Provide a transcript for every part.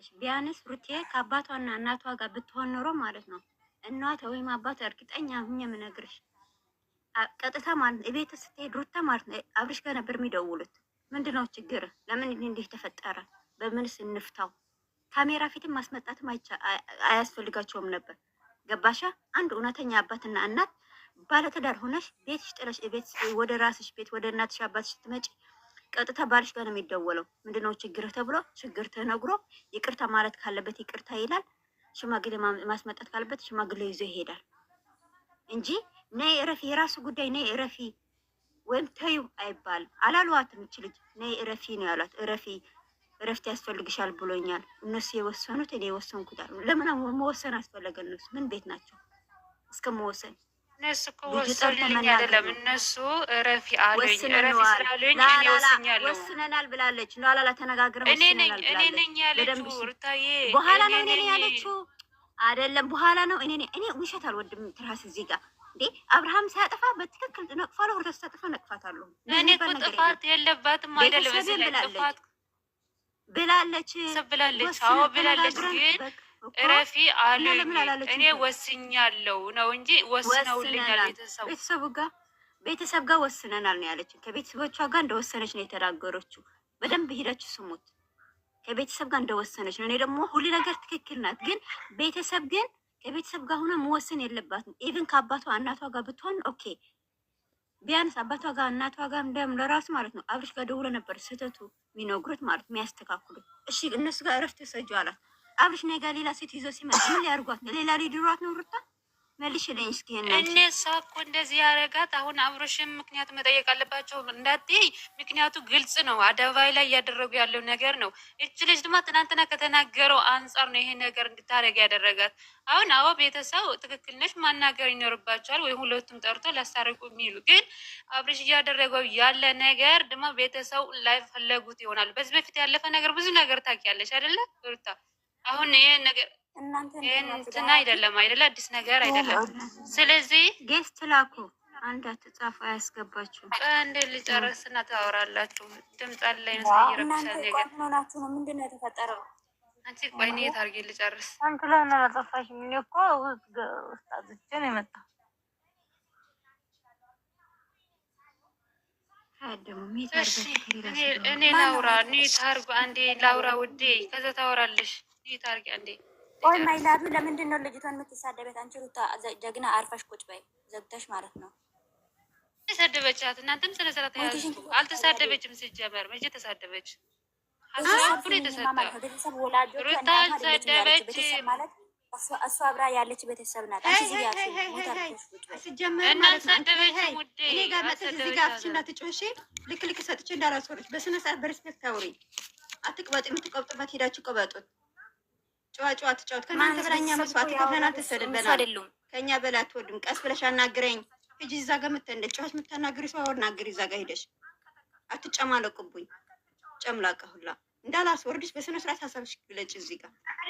መሰለሽ ቢያንስ ሩቴ ከአባቷና እናቷ ጋር ብትሆን ኖሮ ማለት ነው እናቷ ወይም አባቷ እርግጠኛ ሁኜ የምነግርሽ ቀጥታ ማለት ነው ቤት ስትሄድ ሩታ ማለት ነው አብርሽ ጋር ነበር የሚደውሉት። ምንድነው ችግር? ለምን እንዲህ ተፈጠረ? በምንስ እንፍታው? ካሜራ ፊትም ማስመጣትም አያስፈልጋቸውም ነበር። ገባሻ? አንድ እውነተኛ አባትና እናት ባለትዳር ሆነሽ ቤትሽ ጥለሽ ቤት ወደ ራስሽ ቤት ወደ እናትሽ አባትሽ ስትመጪ ቀጥታ ባልሽ ጋር ነው የሚደወለው። ምንድነው ችግርህ ተብሎ ችግር ተነግሮ ይቅርታ ማለት ካለበት ይቅርታ ይላል። ሽማግሌ ማስመጣት ካለበት ሽማግሌ ይዞ ይሄዳል እንጂ ነይ እረፊ፣ የራሱ ጉዳይ ነይ እረፊ ወይም ተዩ አይባልም። አላሏትም። ይች ልጅ ነይ እረፊ ነው ያሏት። እረፊ እረፍት ያስፈልግሻል ብሎኛል። እነሱ የወሰኑት እኔ የወሰንኩት ለምን መወሰን አስፈለገ? እነሱ ምን ቤት ናቸው እስከ መወሰን እነሱ እኮ ወሰሉኝ አይደለም። እነሱ ረፊ አሉኝ ረፊ ስላሉኝ እኔ ወስኛለሁ። ወስነናል ብላለች። እንደ አላላ እኔ ነኝ ያለችው ሩታዬ። በኋላ ነው እኔ ያለችው አይደለም። በኋላ ነው እኔ እኔ ውሸት አልወድም። ትራስ እዚህ ጋር እንዴ አብርሃም ሳያጠፋ በትክክል ነቅፋለሁ። ሩታ ሳያጠፋ ነቅፋታለሁ። እኔ እኮ ጥፋት የለባትም አይደለም። በዚህ ብላለች ብላለች። ብላለች ግን እረፊ አሉ። እኔ ወስኛለሁ ነው እንጂ ወስነውልኛል። ቤተሰቡ ጋር ቤተሰብ ጋር ወስነናል ነው ያለችን። ከቤተሰቦቿ ጋር እንደወሰነች ነው የተናገረችው። በደንብ ሂዳችሁ ስሙት። ከቤተሰብ ጋር እንደወሰነች ነው። እኔ ደግሞ ሁሉ ነገር ትክክል ናት፣ ግን ቤተሰብ ግን ከቤተሰብ ጋር ሆነ መወሰን የለባትም። ኢቭን ከአባቷ እናቷ ጋር ብትሆን ኦኬ ቢያንስ አባቷ ጋር እናቷ ጋር እንደም ለራሱ ማለት ነው። አብርሽ ጋር ደውሎ ነበር ስህተቱ የሚነግሩት ማለት የሚያስተካክሉት። እሺ እነሱ ጋር እረፍት ሰጁ አላት። አብርሽ ነገ ሌላ ሴት ይዞ ሲመጣ ምን ሊያርጓት ነው? ሌላ ሊድሯት ነው? ሩታ መልሽ ልኝ እስኪ እነሷ እኮ እንደዚህ ያረጋት አሁን አብሮሽም ምክንያት መጠየቅ አለባቸው እንዳትይ። ምክንያቱ ግልጽ ነው፣ አደባባይ ላይ እያደረጉ ያለው ነገር ነው። እች ልጅ ድማ ትናንትና ከተናገረው አንጻር ነው ይሄ ነገር እንድታደረግ ያደረጋት። አሁን አዎ ቤተሰብ ትክክል ነች፣ ማናገር ይኖርባቸዋል፣ ወይ ሁለቱም ጠርቶ ላስታርቁ የሚሉ ግን አብርሽ እያደረገው ያለ ነገር ድማ ቤተሰብ ፈለጉት ይሆናል። በዚህ በፊት ያለፈ ነገር ብዙ ነገር ታውቂያለሽ አይደለ ሩታ አሁን ይሄ ነገር እንትን አይደለም አይደለ? አዲስ ነገር አይደለም። ስለዚህ ጌስት ላኩ አንድ አትጻፉ አያስገባችሁ እንደ ልጨርስና ታወራላችሁ። ድምፅ አለ ይመስለኛል። ምንድን ነው እኔ እኔ ላውራ እኔ ታርጉ አንዴ ላውራ ውዴ፣ ከዛ ታወራለሽ ታርጊ እንዴ? ቆይ ማይላዱ ለምንድን ነው ልጅቷን የምትሳደበት? አንቺ ሩታ ጀግና አርፈሽ ቁጭ በይ ዘግተሽ ማለት ነው። ተሳደበቻት። እናንተም ስለ ስራ አልተሳደበችም። ሲጀመር መቼ ተሳደበች? ሩታ ተሳደበች እሱ አብራ ያለች ቤተሰብ ናት። አትቅበጡ። የምትቀብጡበት ሄዳችሁ ቅበጡት። ጨዋ ጨዋ ትጫወት ከእናንተ በላይ እኛ መስዋዕት ከፍለን አትሰደበናል። ከእኛ በላ አትወዱም። ቀስ ብለሽ አናግረኝ ሂጂ። እዛ ጋር ምተንደ ጨዋች የምታናግሪ ሰው አናግሪ። እዛ ጋር ሂደሽ አትጨማለቁብኝ። ጨምላቀሁላ እንዳላስ ወርድሽ በስነ ስርዓት ሀሳብሽ ግለጭ እዚህ ጋር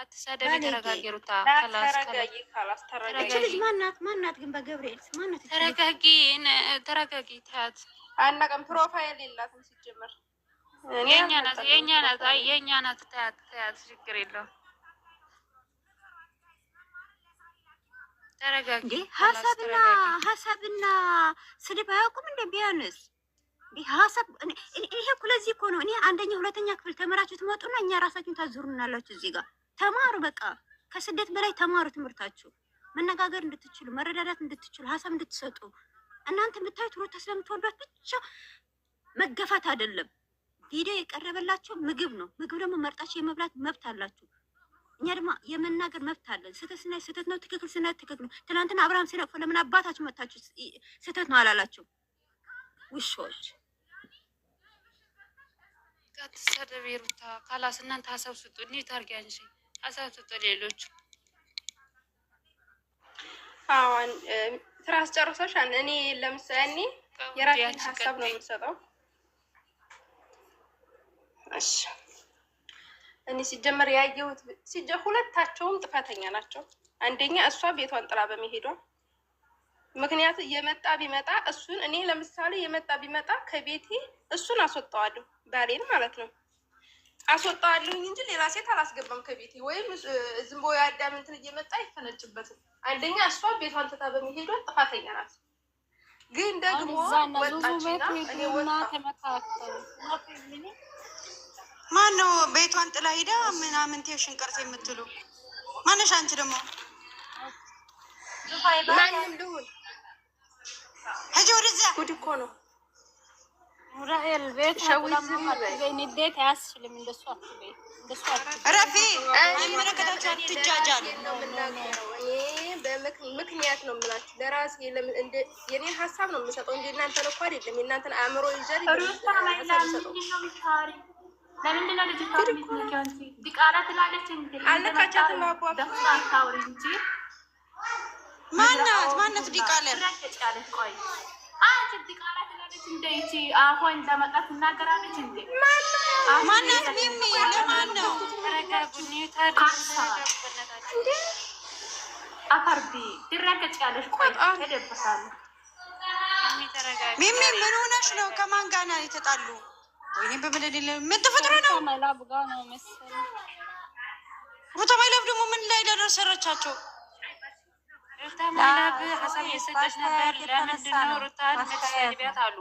አትሳደብ። ተረጋጊ ሩታ፣ ልጅ ማናት? ማናት ግን በገብርኤል ማናት? ተረጋጊ፣ ተረጋጊ። ታያት አናውቅም። ፕሮፋይል የላትም ሲጀመር። የእኛ ናት፣ የእኛ ናት፣ የእኛ ናት። ታያት፣ ታያት። ችግር የለውም። ተረጋጊ። ሀሳብና ሀሳብና ስድብ አያውቁም እንደ ቢያንስ ሀሳብ ይሄ እኮ ለዚህ እኮ ነው። እኔ አንደኛ ሁለተኛ ክፍል ተምራችሁ ትመጡና እኛ ራሳችሁን ታዞሩናላችሁ እዚህ ጋር ተማሩ። በቃ ከስደት በላይ ተማሩ። ትምህርታችሁ መነጋገር እንድትችሉ፣ መረዳዳት እንድትችሉ፣ ሀሳብ እንድትሰጡ እናንተ የምታዩት ሩታ ስለምትወዷት ብቻ መገፋት አይደለም። ቪዲዮ የቀረበላቸው ምግብ ነው። ምግብ ደግሞ መርጣቸው የመብላት መብት አላችሁ። እኛ ደግሞ የመናገር መብት አለን። ስህተት ስናይ ስህተት ነው፣ ትክክል ስናይ ትክክል ነው። ትናንትና አብርሃም ሲነቅፎ ለምን አባታችሁ መታችሁ ስህተት ነው አላላቸው ውሾች ቀጥ ሰደብ ሩታ ካላስ እናንተ ሀሳብ ስጡ። እንዴት አርጊያንሽ አሳትቶ ሌሎች አሁን ትራስ ጨርሰሻል። እኔ ለምሳሌ እኔ የራሴን ሀሳብ ነው የምሰጠው። እሺ እኔ ሲጀመር ያየሁት ሲጀ- ሁለታቸውም ጥፋተኛ ናቸው። አንደኛ እሷ ቤቷን ጥላ በመሄዷ ምክንያቱ የመጣ ቢመጣ እሱን እኔ ለምሳሌ የመጣ ቢመጣ ከቤቴ እሱን አስወጣዋለሁ፣ ባሌን ማለት ነው። አስወጣዋለሁኝ እንጂ ሌላ ሴት አላስገባም ከቤቴ ወይም ዝም ብሎ የአዳም እንትን እየመጣ አይፈነጭበትም። አንደኛ እሷ ቤቷን ትታ በሚሄዷ ጥፋተኛ ናት። ግን ደግሞ ወጣችና ማን ነው ቤቷን ጥላ ሂዳ ምናምን ቴሽን ቀርት የምትሉ ማነሽ አንቺ? ደግሞ ማንም ልሁን እጅ ወደዚያ ጉድ እኮ ነው። ራኤል ቤት አያስችልም። ረፊ የሚመለከታቸው አትጃጃሉ። ምክንያት ነው የምላችሁ ለራሴ የኔ ሀሳብ ነው የምሰጠው እንጂ እናንተን እኮ አይደለም። የእናንተን አእምሮ ይዘል አልነካቻትም። ማናት ማናት ዲቃላ አፏን ለመጣ ትናገራለች። ሚሚ አፈርቢ ድረገጭ ያለሽ? ቆይ ተደብሳሉ። ምን ሆነሽ ነው? ከማን ጋር ነው የተጣሉ? ወይኔ በመደሌለ ምን ተፈጥሮ ነው? ሩታ ማይለብ ደግሞ ምን ላይ ደረሰረቻቸው? ሩታ ሙላብ ሀሳብ እየሰጠች ነበር። ለምንድን ሩታ የምትሰድቢያት አሉ።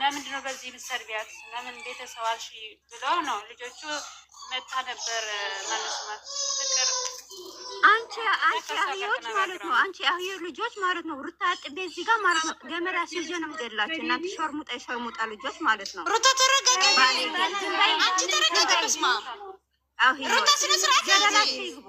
ለምንድን ነው በዚህ የምትሰድቢያት? ለምን ቤተሰብ አልሽ ብለው ነው ልጆቹ መታ ነበር ማለስማት ፍቅር አንቺ አንቺ አህዮች ማለት ነው። አንቺ አህዮ ልጆች ማለት ነው። ሩታ ጥቤ እዚህ ጋር ማለት ነው። ገመድ አስይዤ ነው የምገድላችሁ እናንተ ሸርሙጣ የሸርሙጣ ልጆች ማለት ነው። ሩታ ተረጋጋ፣ አንቺ ተረጋጋ። ስማ ሩታ ስነ ስርዓት ገደላችሁ ይግቡ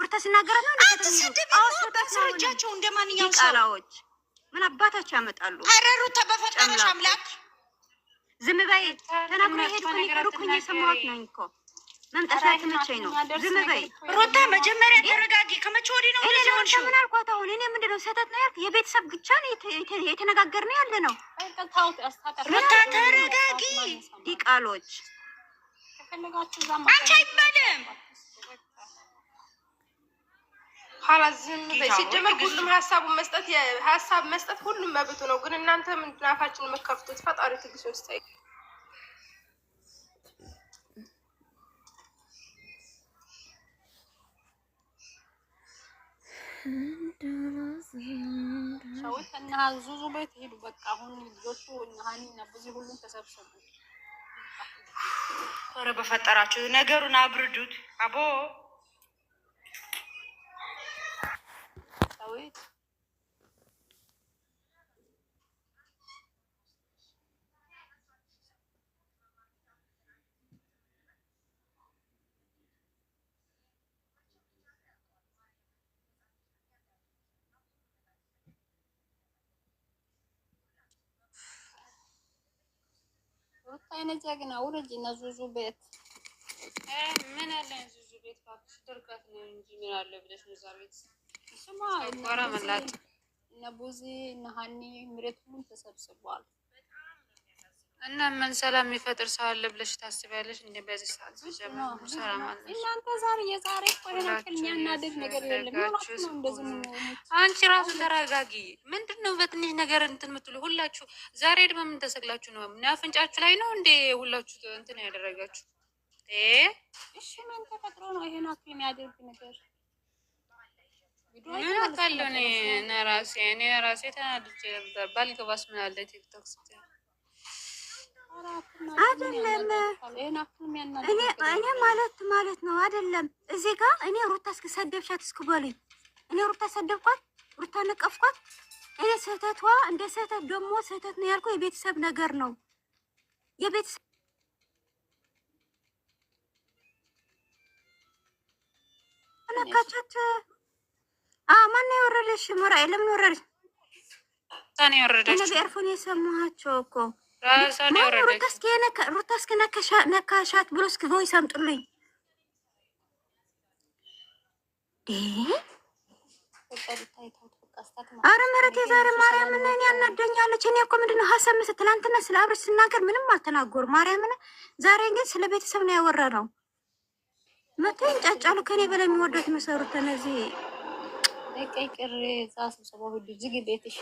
ብርተ ሲናገረ ነው አትሰደቢያቸው። እንደ ማንኛውም ቃላዎች ምን አባታቸው ያመጣሉ? አረሩታ በፈጠረሽ አምላክ ዝም በይ። ተናግሮ ሄድኩኝ ሩኩኝ የሰማሁት ነኝ እኮ መምጣት ያልተመቸኝ ነው። ዝም በይ ሩታ፣ መጀመሪያ ተረጋጊ። ከመቼ ወዲህ ነው እንደዚህ ሆንሽ? ምን አልኳት? አሁን እኔ ምንድን ነው ሰተት ነው ያልክ? የቤተሰብ ግቻ ነው የተነጋገርነው ያለ ነው። ሮታ ተረጋጊ። ዲቃሎች አንቺ አይባልም ዝም በይ። ሲጀመር ሁሉም ሀሳቡን መስጠት ሀሳብ መስጠት ሁሉም መብቱ ነው። ግን እናንተ ምንድን አፋችን የምከፍቱት? ፈጣሪ ትግስ ውስጥ ሰዎች እና ዙዙ ቤት ሄዱ። በቃ አሁን ልጆቹ ሀኒ ሀኒና ሁሉም ተሰብሰቡ። ኧረ በፈጠራችሁ ነገሩን አብርዱት አቦ አስተውት አይነ ጀግና ውረጅ እና ዙዙ ቤት ምን አለ ዙዙ ቤት ድርቀት ነው እንጂ ምን አለ ብለሽ ነው እዛ ቤት ኮራ እነ ቡዜ እነ ሀኒ ምሬት ሁሉም ተሰብስቧል። እና ምን ሰላም የሚፈጥር ሰው አለ ብለሽ ታስቢያለሽ? እንደ በዚህ ሰዓት እናንተ ዛሬ የዛሬ የሚያናድድ ነገር የለም። አንቺ ራሱ ተረጋጊ። ምንድን ነው በትንሽ ነገር እንትን የምትሉ ሁላችሁ? ዛሬ ደግሞ ምን ተሰቅላችሁ ነው? አፍንጫችሁ ላይ ነው እንዴ ሁላችሁ እንትን ያደረጋችሁ? እሺ ምን ተፈጥሮ ነው ይሄን አክል የሚያደርግ ነገር እኔ ማለት ማለት ነው አይደለም። እዚህ እኔ ሩታ እስክሰደብሻት እስክበሉኝ እኔ ሩታ ሰደብኳት፣ ሩታ ነቀፍኳት። እኔ ስህተቷ እንደ ስህተት ደግሞ ስህተት ነው ያልኩ የቤተሰብ ነገር ነው የቤተሰብ ነካቻት ማን የወረደሽ? ሞራ ለምን ወረደሽ? ሳኔ ወረደች። እኔ በኤርፎን የሰማኋቸው እኮ ሳኔ ወረደች። ሩታ እስኪ ነካሻት ብሎ እስኪ ቮይስ አምጡልኝ። አረ መረት የዛሬ ማርያም ነን ያናደኛለች። እኔ እኮ ምንድነው ሀሳብ መሰ ትናንትና ስለ አብረሽ ስናገር ምንም አልተናገሩ ማርያምን። ዛሬ ግን ስለ ቤተሰብ ነው ያወራ ነው መቶ እንጫጫሉ ከኔ በላይ የሚወዱት መሰሩት እነዚህ ለቀይ ቅሬ እዛ ስብሰባ ሁሉ ዝግ ቤትሽ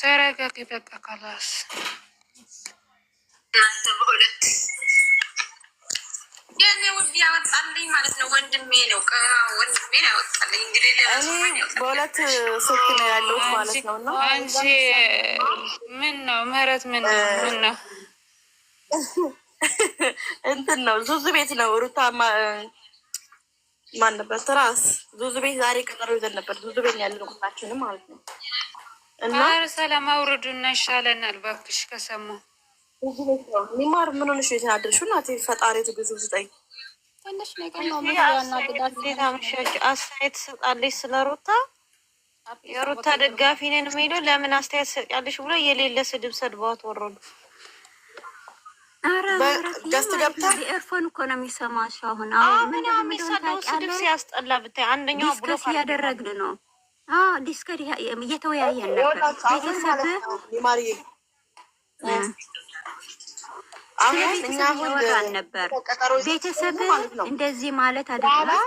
ተረጋጊ። በቃ ካላስ እናንተ በሁለት የኔ ውድ ያወጣልኝ ማለት ነው። ወንድሜ ነው ወንድሜ ያወጣልኝ። እንግዲህ በሁለት ስልክ ነው ማለት ነው። እና አንቺ ምን ነው ምህረት ምን ምን ነው እንትን ነው ዙዙ ቤት ነው ሩታማ ማን ነበር ትራስ ዙዙ ቤት ዛሬ ቀጠሮ ይዘን ነበር። ዙዙ ቤት ያለን ቁጥራችንም ማለት ነው። እና ሰላም አውርዱና ይሻለናል እባክሽ። ከሰሙ ኒማር ምን ሆነሽ የተናደድሽው? እናቴ ፈጣሪ ትግዙ ስጠኝ። ትንሽ ነገር አስተያየት ትሰጣለች ስለ ሩታ የሩታ ደጋፊ ነን የሚለው ለምን አስተያየት ትሰጫለሽ ብሎ የሌለ ስድብ ሰድባት ወረዱ። ገስት ገብታ ኤርፎን እኮ ነው የሚሰማሽ። አሁን ስድብ ሲያስጠላ ብታይ። አንደኛው ዲስከስ እያደረግን ነው፣ እየተወያየን ነበር ቤተሰብ ነበር። ቤተሰብ እንደዚህ ማለት አይደለም።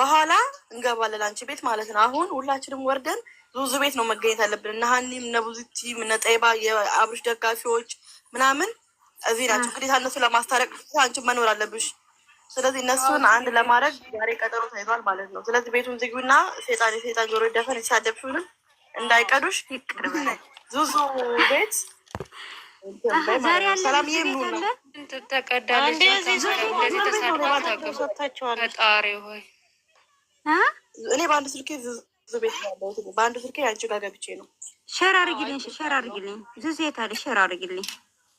በኋላ እንገባለን አንቺ ቤት ማለት ነው። አሁን ሁላችንም ወርደን ቤት ነው መገኘት አለብን። እነ ሀኒም እነ ቡዙቲም እነ ጠይባ የአብርሽ ደጋፊዎች ምናምን እዚህ ናቸው። ግዴታ እነሱ ለማስታረቅ አንቺ መኖር አለብሽ። ስለዚህ እነሱን አንድ ለማድረግ ዛሬ ቀጠሮ ተይዟል ማለት ነው። ስለዚህ ቤቱን ዝጊውና ሴጣን የሴጣን ጆሮ ይደፈን፣ የተሳደብሽውንም እንዳይቀዱሽ ዙዙ ቤት ሰላም እኔ በአንድ ስልኬ ዙዙ ቤት በአንድ ስልኬ አንቺ ጋር ገብቼ ነው። ሸር አርግልኝ፣ ሸር አርግልኝ፣ ዙዙ የት አለ? ሸር አርግልኝ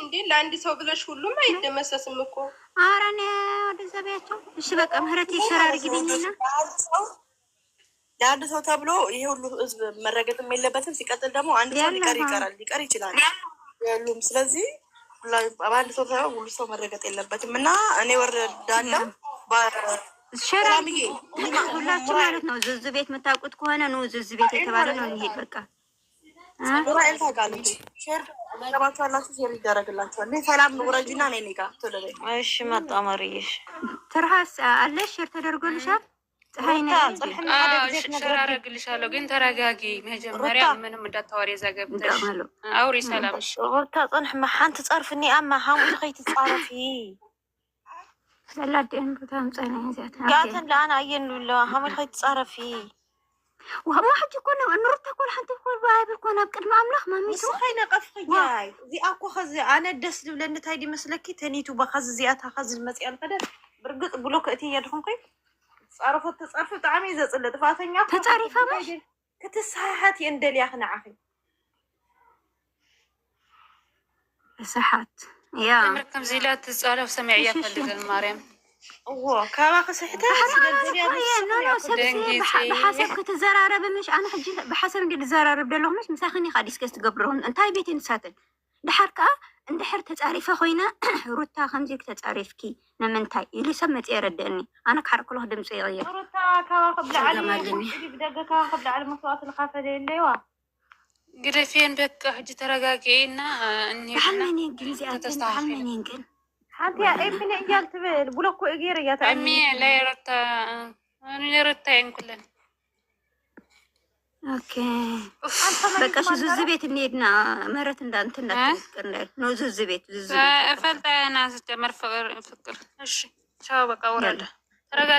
እንዴ ለአንድ ሰው ብለሽ ሁሉም አይደመሰስም እኮ። ኧረ እኔ እሺ፣ በቃ ምህረት ለአንድ ሰው ተብሎ ይሄ ሁሉ ህዝብ መረገጥም የለበትም። ሲቀጥል ደግሞ አንድ ሰው ሊቀር ይቀራል ሊቀር ይችላል ያሉም። ስለዚህ በአንድ ሰው ሳይሆን ሁሉ ሰው መረገጥ የለበትም እና እኔ ወርዳለው ሸራ ሁላችሁ ማለት ነው። ዝዝ ቤት የምታውቁት ከሆነ ኑ ዝዝ ቤት የተባለ ነው። ይሄድ በቃ ትርሃስ አለሽ ሼር ተደርጎልሻል። ሼር አደርግልሻለሁ፣ ግን ተረጋጊ። መጀመሪያ ምንም እንዳታወሪ ዘገብተሽ አውሪ። ሰላም ሩታ ፅንሕማ ሓንቲ ፀርፍኒ ኣማ ሓንቲ ከይትፃረፊ ዘላዴን ቦታ ምፀናይ ዚኣትን ለኣና እየ ንብለዋ ሓመል ከይትፃረፊ وما حد يكون أن ربت كل حد يقول باي بيكون أبكر ما أملخ ما ميسو مسخينا قفخ جاي زي أكو خز أنا دس لولا نتايدي مسلكي تنيتو بخز زياتها خز المسيح القدر برقط بلوك أتي يدخل قي عرفت تصرف تعمي زي صلة فاتنيا تتعرفها مش كتسحات يندل يا خنعخي سحات يا مركم زيلات تزعل وسمعيات اللي المريم ብሓሰብ ክትዘራረብ ምሽ ኣነ ሕጂ ብሓሰብ እንዲ ዝዘራረብ ደለኹ ምሽ ምሳኽኒ ካዲስከ ዝትገብርኹም እንታይ ቤት ንሳትን ድሓር ከዓ እንድሕር ተፃሪፈ ኮይነ ሩታ ከምዚ ተፃሪፍኪ ንምንታይ ኢሉ ሰብ መፅ የረድአኒ ኣነ ክሓር ከለኹ ድምፂ ይቕየር ሩታ ካባ ብደገ ካባ ክብላዓሊ መስዋዕት ዝካፈለ የለዋ ግደፌን በቃ ሕጂ ተረጋጊ ኢና እኒ ብሓመንን ግን እዚኣተን ብሓመንን ግን ሓንቲ ኤምነ እያል ትብል ብሎኮ እያ ዙዝ ቤት እንሄድና ምህረት እንዳንት እንዳትፍቅር ነው ዙዝ ቤት ዙዝ ፍቅር እሺ ቻው በቃ ወረደ ተረጋ